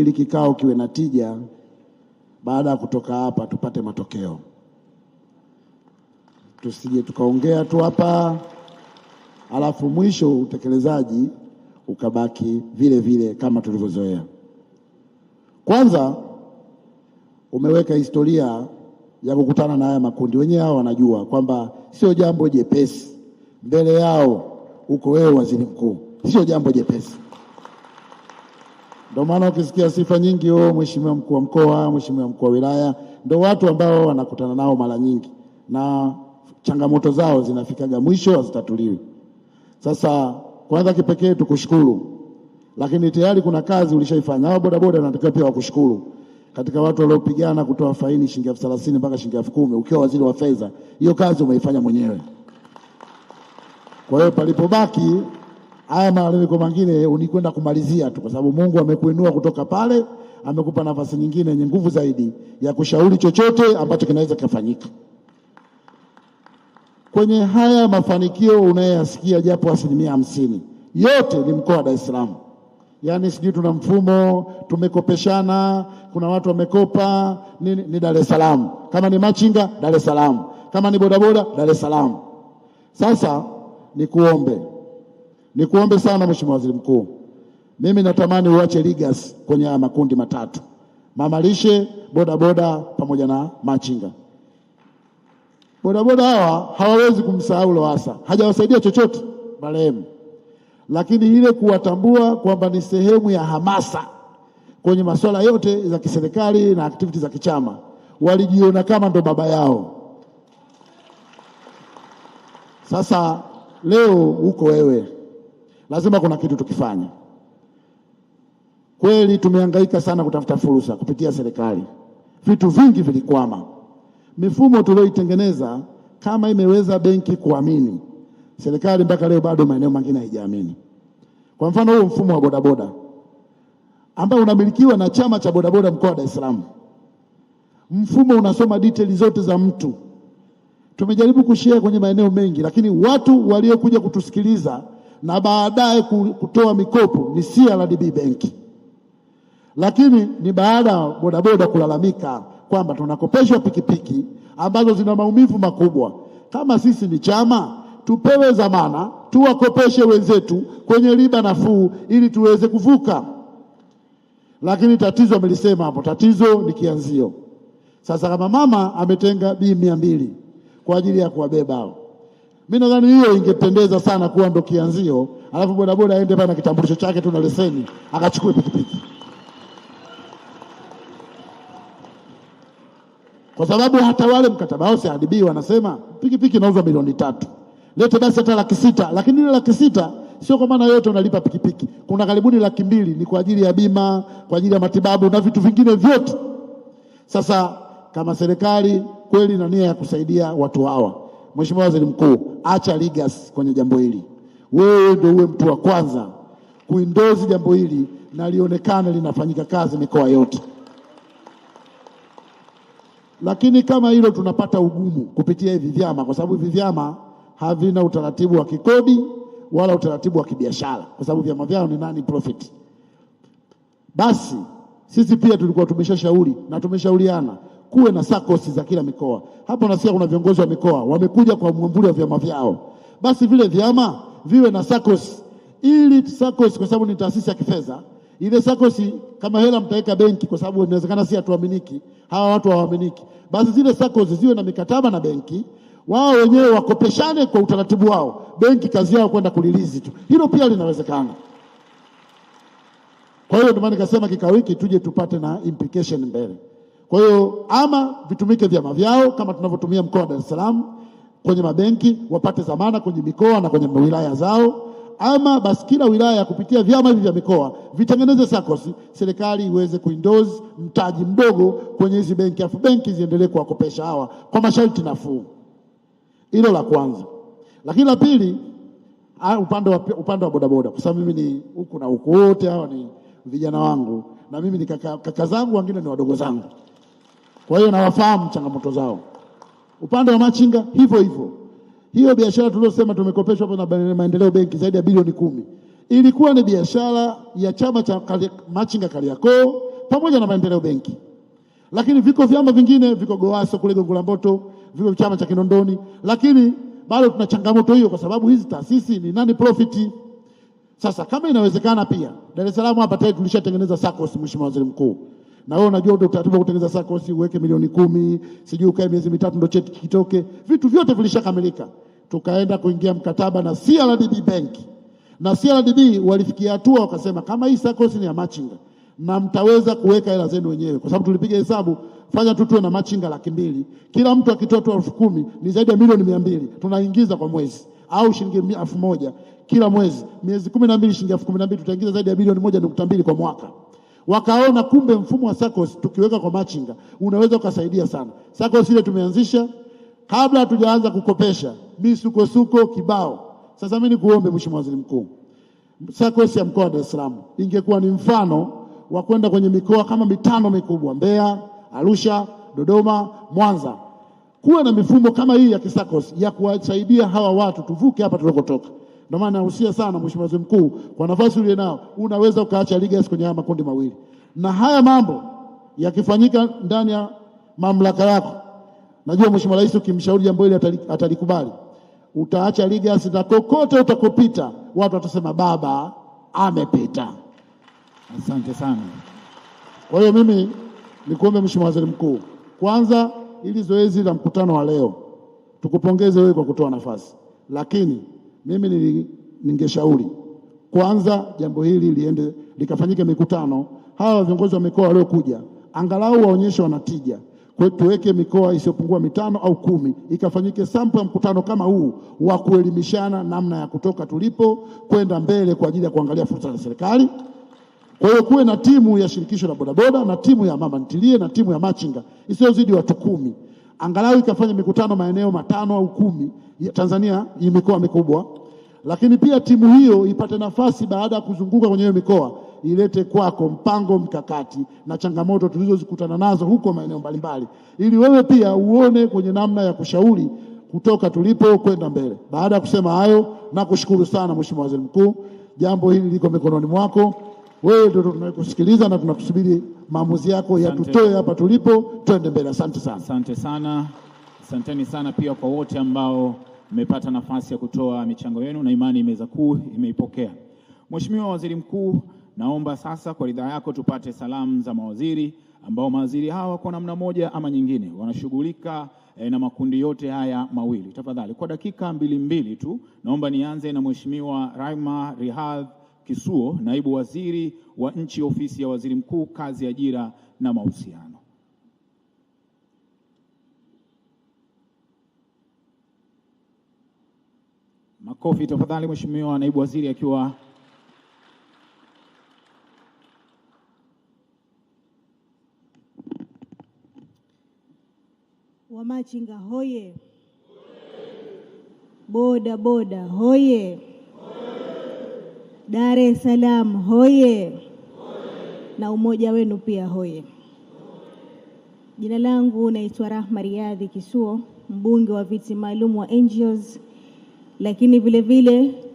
ili kikao kiwe na tija. Baada ya kutoka hapa, tupate matokeo, tusije tukaongea tu hapa alafu mwisho utekelezaji ukabaki vile vile kama tulivyozoea. Kwanza umeweka historia ya kukutana na haya makundi, wenyewe hao wanajua kwamba sio jambo jepesi. Mbele yao uko wewe waziri mkuu, sio jambo jepesi. Ndio maana ukisikia sifa nyingi, oh, mheshimiwa mkuu wa mkoa, mheshimiwa mkuu wa wilaya, ndio watu ambao wanakutana nao mara nyingi na changamoto zao zinafikaga mwisho, hazitatuliwi. Sasa kwanza, kipekee tukushukuru, lakini tayari kuna kazi ulishaifanya. Hao bodaboda natakiwa pia wakushukuru katika watu waliopigana kutoa faini shilingi elfu thelathini mpaka shilingi elfu kumi ukiwa waziri wa fedha. Hiyo kazi umeifanya mwenyewe. Kwa hiyo palipobaki Haya malalamiko mengine unikwenda kumalizia tu, kwa sababu Mungu amekuinua kutoka pale, amekupa nafasi nyingine yenye nguvu zaidi ya kushauri chochote ambacho kinaweza kikafanyika kwenye haya mafanikio unayoyasikia, japo asilimia hamsini yote ni mkoa wa Dar es Salaam. Yaani sijui tuna mfumo tumekopeshana, kuna watu wamekopa nini, ni Dar es Salaam. Kama ni machinga Dar es Salaam, kama ni bodaboda Dar es Salaam. Sasa nikuombe Nikuombe sana Mheshimiwa Waziri Mkuu, mimi natamani uache ligas kwenye haya makundi matatu, mamalishe, bodaboda pamoja na machinga. Bodaboda hawa hawawezi kumsahau Lowassa, hajawasaidia chochote marehemu, lakini ile kuwatambua kwamba ni sehemu ya hamasa kwenye masuala yote za kiserikali na aktiviti za kichama, walijiona kama ndo baba yao. Sasa leo uko wewe lazima kuna kitu tukifanye. Kweli tumehangaika sana kutafuta fursa kupitia serikali, vitu vingi vilikwama. Mifumo tulioitengeneza kama imeweza benki kuamini, serikali mpaka leo bado maeneo mengine haijaamini. Kwa mfano huu mfumo wa bodaboda ambao unamilikiwa na chama cha bodaboda mkoa wa Dar es Salaam, mfumo unasoma detail zote za mtu. Tumejaribu kushare kwenye maeneo mengi, lakini watu waliokuja kutusikiliza na baadaye kutoa mikopo ni CRDB benki, lakini ni baada ya bodaboda kulalamika kwamba tunakopeshwa pikipiki ambazo zina maumivu makubwa. Kama sisi ni chama, tupewe dhamana tuwakopeshe wenzetu kwenye riba nafuu ili tuweze kuvuka. Lakini tatizo amelisema hapo, tatizo ni kianzio. Sasa kama mama ametenga bii mia mbili kwa ajili ya kuwabeba hao mimi nadhani hiyo ingependeza sana kuwa ndo kianzio, alafu bodaboda aende pale na kitambulisho chake tu na leseni akachukue pikipiki, kwa sababu hata wale mkataba wao siadibii, wanasema pikipiki inauzwa milioni tatu, lete basi hata laki sita, lakini ile laki sita sio kwa maana yote unalipa pikipiki. Kuna karibuni laki mbili ni kwa ajili ya bima, kwa ajili ya matibabu na vitu vingine vyote. Sasa kama serikali kweli na nia ya kusaidia watu hawa Mheshimiwa Waziri Mkuu, acha legacy kwenye jambo hili. Wewe ndio uwe mtu wa kwanza kuindozi jambo hili na lionekane linafanyika kazi mikoa yote. Lakini kama hilo tunapata ugumu kupitia hivi vyama, kwa sababu hivi vyama havina utaratibu wa kikodi wala utaratibu wa kibiashara, kwa sababu vyama vyao ni nani profit. Basi sisi pia tulikuwa tumeshashauri na tumeshauriana kuwe na sakosi za kila mikoa. Hapo nasikia kuna viongozi wa mikoa wamekuja kwa mwamvuli wa vyama vyao, basi vile vyama viwe na sakosi, ili sakosi, kwa sababu ni taasisi ya kifedha ile sakosi kama hela mtaweka benki, kwa sababu inawezekana si hatuaminiki, hawa watu hawaaminiki. Basi zile sakosi ziwe na mikataba na benki, wao wenyewe wakopeshane kwa utaratibu wao, benki kazi yao kwenda kulilizi tu. Hilo pia linawezekana. Kwa hiyo ndio maana nikasema kikao hiki tuje tupate na implication mbele. Kwa hiyo ama vitumike vyama vyao kama tunavyotumia mkoa wa Dar es Salaam kwenye mabenki, wapate dhamana kwenye mikoa na kwenye wilaya zao, ama basi kila wilaya kupitia vyama hivi vya mikoa vitengeneze sakosi, serikali iweze kuindoze mtaji mdogo kwenye hizi benki, afu benki ziendelee kuwakopesha hawa kwa masharti nafuu. Hilo la kwanza, lakini la pili upande wa, upande wa bodaboda, kwa sababu mimi ni huku na huku, wote hawa ni vijana wangu na mimi ni kaka, kaka zangu, wengine ni wadogo zangu. Kwa hiyo nawafahamu changamoto zao. Upande wa machinga hivyo hivyo, hiyo biashara tuliosema tumekopeshwa na Maendeleo Benki zaidi ya bilioni kumi ilikuwa ni biashara ya chama cha machinga Kariakoo pamoja na Maendeleo Benki, lakini viko vyama vingine, viko goaso kule Gongo la Mboto, viko chama cha Kinondoni, lakini bado tuna changamoto hiyo, kwa sababu hizi taasisi ni nani profit. Sasa kama inawezekana, pia Dar es Salaam hapa tayari tulishatengeneza SACCOS, Mheshimiwa Waziri Mkuu na wewe unajua ndio utaratibu wa kutengeneza SACCOS, uweke milioni kumi, sijui ukae miezi mitatu ndio cheti kitoke. Vitu vyote vilishakamilika, tukaenda kuingia mkataba na CRDB Bank, na CRDB walifikia hatua wakasema, kama hii SACCOS ni ya machinga na mtaweza kuweka hela zenu wenyewe, kwa sababu tulipiga hesabu, fanya tu tuwe na machinga laki mbili, kila mtu akitoa tu elfu kumi ni zaidi ya milioni mia mbili tunaingiza kwa mwezi, au shilingi elfu moja kila mwezi, miezi kumi na mbili, shilingi elfu kumi na mbili tutaingiza zaidi ya bilioni moja nukta mbili kwa mwaka wakaona kumbe mfumo wa SACCOS tukiweka kwa machinga unaweza ukasaidia sana. SACCOS ile tumeanzisha kabla hatujaanza kukopesha misukosuko kibao. Sasa mimi nikuombe Mheshimiwa Waziri Mkuu, SACCOS ya mkoa wa Dar es Salaam ingekuwa ni mfano wa kwenda kwenye mikoa kama mitano mikubwa, Mbeya, Arusha, Dodoma, Mwanza, kuwa na mifumo kama hii ya kisakos ya kuwasaidia hawa watu tuvuke hapa tulikotoka. Ndio maana nahusia sana Mheshimiwa Waziri Mkuu, kwa nafasi uliyo nao unaweza ukaacha legacy kwenye haya makundi mawili, na haya mambo yakifanyika ndani ya mamlaka yako, najua Mheshimiwa Rais ukimshauri jambo hili atalikubali, utaacha legacy na kokote utakopita watu watasema baba amepita. Asante sana. Kwa hiyo mimi nikuombe Mheshimiwa Waziri Mkuu, kwanza ili zoezi la mkutano wa leo tukupongeze wewe kwa kutoa nafasi, lakini mimi ningeshauri kwanza jambo hili liende likafanyike mikutano, hawa viongozi wa mikoa waliokuja angalau waonyeshe wanatija kwa tuweke mikoa isiyopungua mitano au kumi, ikafanyike sampo ya mkutano kama huu wa kuelimishana namna ya kutoka tulipo kwenda mbele kwa ajili ya kuangalia fursa za serikali. Kwa hiyo kuwe na timu ya shirikisho la bodaboda na timu ya mama ntilie na timu ya machinga isiyozidi watu kumi, angalau ikafanya mikutano maeneo matano au kumi Tanzania, hii mikoa mikubwa lakini pia timu hiyo ipate nafasi baada ya kuzunguka kwenye hiyo mikoa ilete kwako mpango mkakati na changamoto tulizozikutana nazo huko maeneo mbalimbali, ili wewe pia uone kwenye namna ya kushauri kutoka tulipo kwenda mbele. Baada ya kusema hayo, nakushukuru sana Mheshimiwa Waziri Mkuu, jambo hili liko mikononi mwako. Wewe ndio tunakusikiliza na tunakusubiri maamuzi yako yatutoe hapa tulipo, twende mbele. Asante sana, asante sana, asanteni sana pia kwa wote ambao mmepata nafasi ya kutoa michango yenu na imani meza kuu imeipokea. Mheshimiwa Waziri Mkuu, naomba sasa kwa ridhaa yako tupate salamu za mawaziri ambao mawaziri hawa kwa namna moja ama nyingine wanashughulika eh, na makundi yote haya mawili. Tafadhali kwa dakika mbili mbili tu, naomba nianze na Mheshimiwa Raima rihad Kisuo, naibu waziri wa nchi ofisi ya waziri mkuu, kazi, ajira na mahusiano. Makofi tafadhali, Mheshimiwa Naibu Waziri akiwa Wamachinga hoye! Boda boda hoye! Dar es Salaam hoye! Na umoja wenu pia hoye! Jina langu naitwa Rahma Riadhi Kisuo, mbunge wa viti maalum wa NGOs lakini the vile,